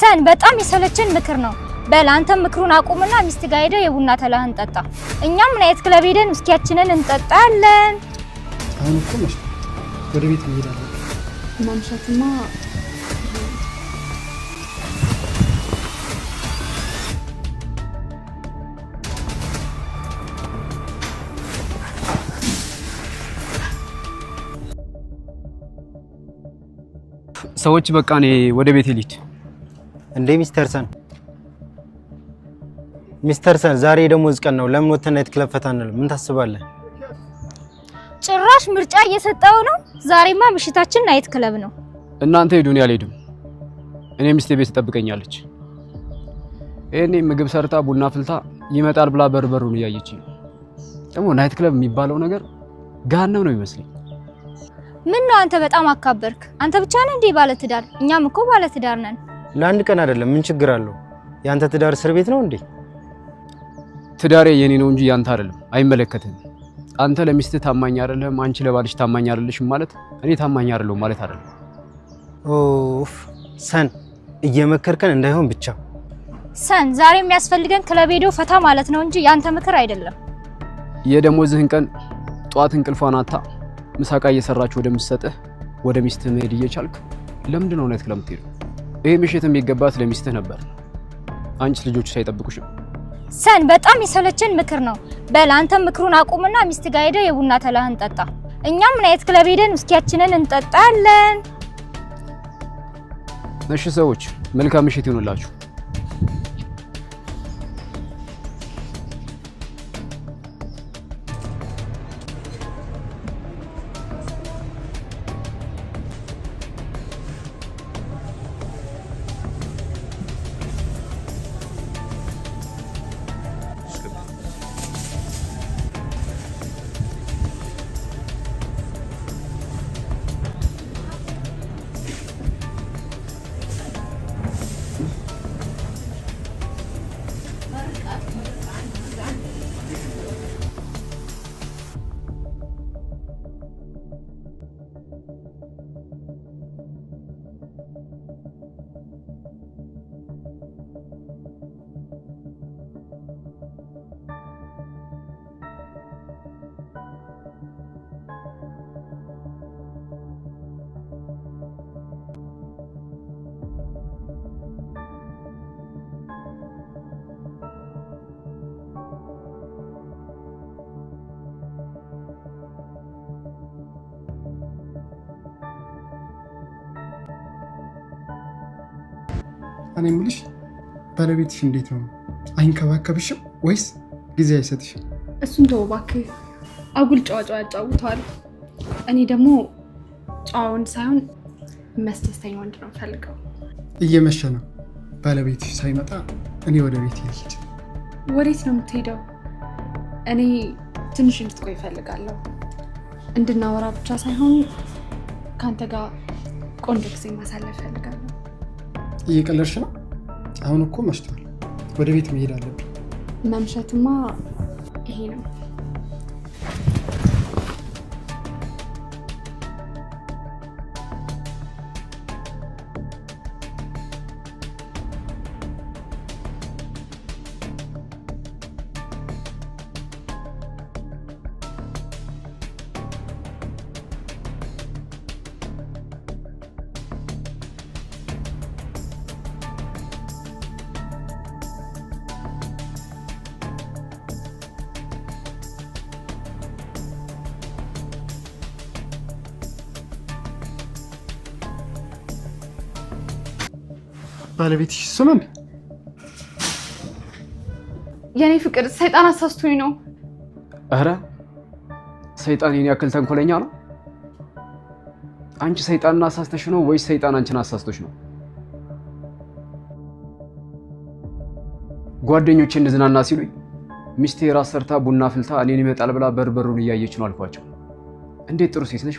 ሰን በጣም የሰለችን ምክር ነው። በል አንተም ምክሩን አቁምና ሚስት ጋር ሄደህ የቡና ተላህን ጠጣ። እኛም ምን አይነት ክለብ ሄደን ውስኪያችንን እንጠጣለን። አሁን እኮ መሽ ወደ ቤት እንሄዳለን። ማምሻትማ ሰዎች በቃ እኔ ወደ ቤት ልሂድ እንዴ ሚስተር ሰን ሚስተር ሰን ዛሬ ደሞዝ ቀን ነው። ለምን ወተን ናይት ክለብ ፈታ ምን ታስባለህ? ጭራሽ ምርጫ እየሰጠው ነው። ዛሬማ ምሽታችን ናይት ክለብ ነው። እናንተ ሄዱን ያልሄድም እኔ ሚስቴ ቤት ትጠብቀኛለች። ይሄኔ ምግብ ሰርታ ቡና ፍልታ ይመጣል ብላ በርበሩን እያየች ነው። ደግሞ ናይት ክለብ የሚባለው ነገር ጋነው ነው ይመስለኝ። ምን ነው አንተ በጣም አካበርክ። አንተ ብቻ ነህ እንዴ ባለትዳር? እኛም እኮ ባለትዳር ነን። ለአንድ ቀን አይደለም። ምን ችግር አለው? ያንተ ትዳር እስር ቤት ነው እንዴ? ትዳሬ የኔ ነው እንጂ ያንተ አይደለም። አይመለከትም። አንተ ለሚስትህ ታማኝ አይደለም፣ አንቺ ለባልሽ ታማኝ አይደለሽም ማለት እኔ ታማኝ አይደለሁም ማለት አይደለም። ኦፍ ሰን፣ እየመከርከን እንዳይሆን ብቻ። ሰን፣ ዛሬ የሚያስፈልገን ክለብ ሄዶ ፈታ ማለት ነው እንጂ ያንተ ምክር አይደለም። የደሞዝህን ቀን ጠዋት እንቅልፏን አታ ምሳቃ እየሰራች ወደምትሰጥህ ወደ ሚስትህ መሄድ እየቻልክ ለምንድን ነው እውነት ክለምትሄዱ ይሄ ምሽት የሚገባት ለሚስትህ ነበር። አንቺስ ልጆቹ ሳይጠብቁሽም ሰን በጣም የሰለችን ምክር ነው። በል ምክሩን አቁምና ሚስት ጋር ሄደህ የቡና ተላህን ጠጣ። እኛም ናይት ክለብ ሄደን ውስኪያችንን እንጠጣለን። እሺ ሰዎች መልካም ምሽት ይሁንላችሁ። እኔ የምልሽ ባለቤትሽ እንዴት ነው? አይንከባከብሽም ወይስ ጊዜ አይሰጥሽም? እሱን ተወው እባክህ። አጉል ጨዋጨዋ ያጫውተዋል። እኔ ደግሞ ጨዋ ወንድ ሳይሆን የሚያስደስተኝ ወንድ ነው ፈልገው። እየመሸ ነው። ባለቤትሽ ሳይመጣ እኔ ወደ ቤት ይልድ። ወዴት ነው የምትሄደው? እኔ ትንሽ እንድትቆይ እፈልጋለሁ። እንድናወራ ብቻ ሳይሆን ከአንተ ጋር ቆንጆ ጊዜ ማሳለፍ ፈልጋል። እየቀለድሽ ነው? አሁን እኮ መሽቷል። ወደ ቤት መሄድ አለብን። መምሸትማ ይሄ ነው። ባለቤትሽ እሱ የኔ ፍቅር ሰይጣን አሳስቶኝ ነው። አረ ሰይጣን የኔ ያክል ተንኮለኛ ነው። አንቺ ሰይጣንን አሳስተሽ ነው ወይስ ሰይጣን አንቺን አሳስቶሽ ነው? ጓደኞቼ እንድዝናና ሲሉኝ ሚስቴ ራስ ሰርታ ቡና ፍልታ እኔን ይመጣል ብላ በርበሩን እያየች ነው አልኳቸው። እንዴት ጥሩ ሴት ነሽ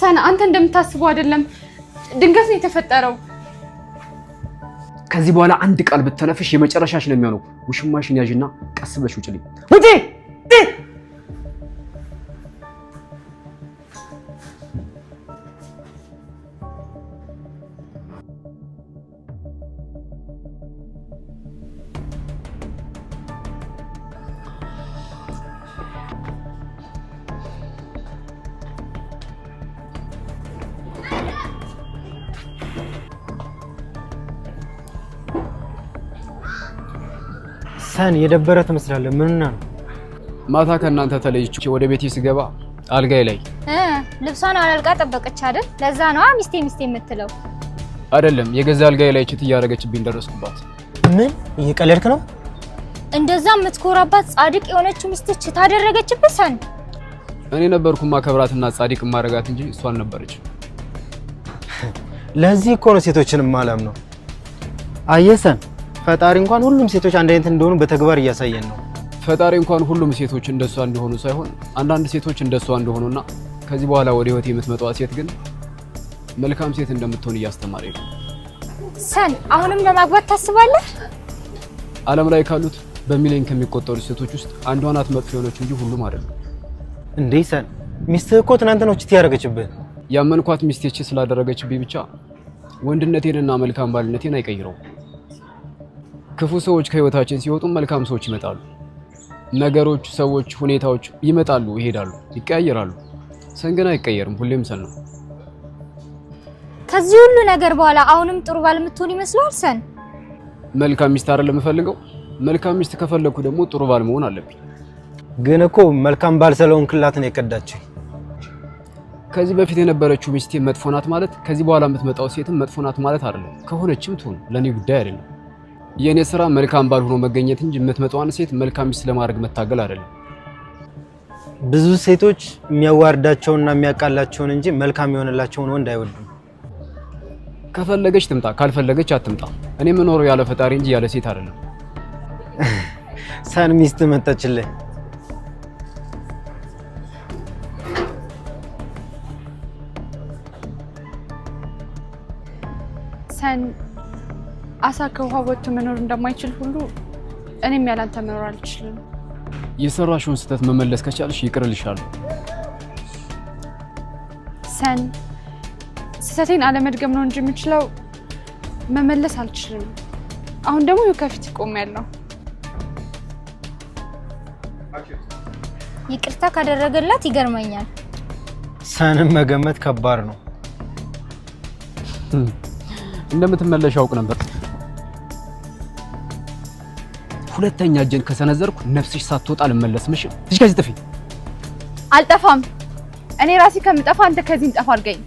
ሰና አንተ እንደምታስበው አይደለም። ድንገት ነው የተፈጠረው። ከዚህ በኋላ አንድ ቃል ብትተነፍሽ የመጨረሻሽ ነው የሚሆነው። ውሽማሽን ያዥና ቀስ ብለሽ ውጭልኝ ውጪ ሰን የደበረ ትመስላለህ። ምን ነው ማታ ከእናንተ ተለይቼ ወደ ቤቴ ስገባ አልጋይ ላይ ልብሷን አላልጋ ጠበቀች አይደል? ለዛ ነው ሚስቴ ሚስቴ የምትለው አይደለም። የገዛ አልጋይ ላይ ችት እያደረገችብኝ ደረስኩባት። ምን እየቀለድክ ነው? እንደዛ የምትኮራባት ጻድቅ የሆነችው ሚስት ችት አደረገችብህ? ሰን እኔ ነበርኩማ ከብራትና ጻድቅ ማረጋት እንጂ እሷ አልነበረች። ለዚህ እኮ ነው ሴቶችን ማለም ነው። አየሰን ፈጣሪ እንኳን ሁሉም ሴቶች አንድ አይነት እንደሆኑ በተግባር እያሳየን ነው። ፈጣሪ እንኳን ሁሉም ሴቶች እንደሷ እንደሆኑ ሳይሆን አንዳንድ ሴቶች እንደሷ እንደሆኑና ከዚህ በኋላ ወደ ህይወት የምትመጣዋ ሴት ግን መልካም ሴት እንደምትሆን እያስተማረ ነው። ሰን አሁንም ለማግባት ታስባለህ? ዓለም ላይ ካሉት በሚሊዮን ከሚቆጠሩ ሴቶች ውስጥ አንዷ ናት መጥፎ የሆነች እንጂ ሁሉም አይደለም። እንዴ ሰን ሚስትህ እኮ ትናንት ነው ችት ያደረገችብህ። ያመንኳት ሚስቴች ስላደረገችብኝ ብቻ ወንድነቴንና መልካም ባልነቴን አይቀይረውም። ክፉ ሰዎች ከህይወታችን ሲወጡ መልካም ሰዎች ይመጣሉ። ነገሮች፣ ሰዎች፣ ሁኔታዎች ይመጣሉ፣ ይሄዳሉ፣ ይቀያየራሉ። ሰን ግን አይቀየርም፣ ሁሌም ሰን ነው። ከዚህ ሁሉ ነገር በኋላ አሁንም ጥሩ ባል የምትሆን ይመስላል? ሰን መልካም ሚስት አይደለም የምፈልገው? መልካም ሚስት ከፈለግኩ ደግሞ ጥሩ ባል መሆን አለብኝ። ግን እኮ መልካም ባል ክላት ነው የቀዳችኝ። ከዚህ በፊት የነበረችው ሚስቴ መጥፎ ናት ማለት ከዚህ በኋላ የምትመጣው ሴትም መጥፎ ናት ማለት አይደለም። ከሆነችም ትሁን፣ ለእኔ ጉዳይ አይደለም። የእኔ ስራ መልካም ባል ሆኖ መገኘት እንጂ የምትመጣዋን ሴት መልካም ሚስት ለማድረግ መታገል አይደለም። ብዙ ሴቶች የሚያዋርዳቸውና የሚያቃላቸውን እንጂ መልካም የሆነላቸውን ወንድ አይወዱም። ከፈለገች ትምጣ፣ ካልፈለገች አትምጣ። እኔ የምኖረው ያለ ፈጣሪ እንጂ ያለ ሴት አይደለም። ሳን ሚስት መጣችልህ። ሰን አሳ ከውሃ ወጥቶ መኖር እንደማይችል ሁሉ እኔም ያላንተ መኖር አልችልም። የሰራሽውን ስህተት መመለስ ከቻልሽ ይቅርልሻለሁ። ሰን ስህተቴን አለመድገም ነው እንጂ የምችለው መመለስ አልችልም። አሁን ደግሞ ከፊት ይቆም ያለው ይቅርታ ካደረገላት ይገርመኛል። ሰንም መገመት ከባድ ነው። እንደምትመለሽ አውቅ ነበር። ሁለተኛ እጄን ከሰነዘርኩ ነፍስሽ ሳትወጣ አልመለስም። እሺ፣ ከዚህ ጥፊ አልጠፋም። እኔ ራሴ ከምጠፋ አንተ ከዚህ እንጠፋ አድርገኝ።